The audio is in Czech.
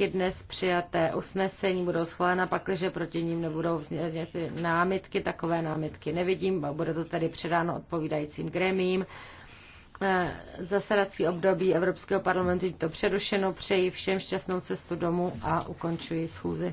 námitky, dnes přijaté usnesení budou schválena, pakliže proti ním nebudou vznět námitky, takové námitky nevidím, bude to tedy předáno odpovídajícím gremím. Eh, zasedací období Evropského parlamentu to přerušeno, přeji všem šťastnou cestu domů a ukončuji schůzi.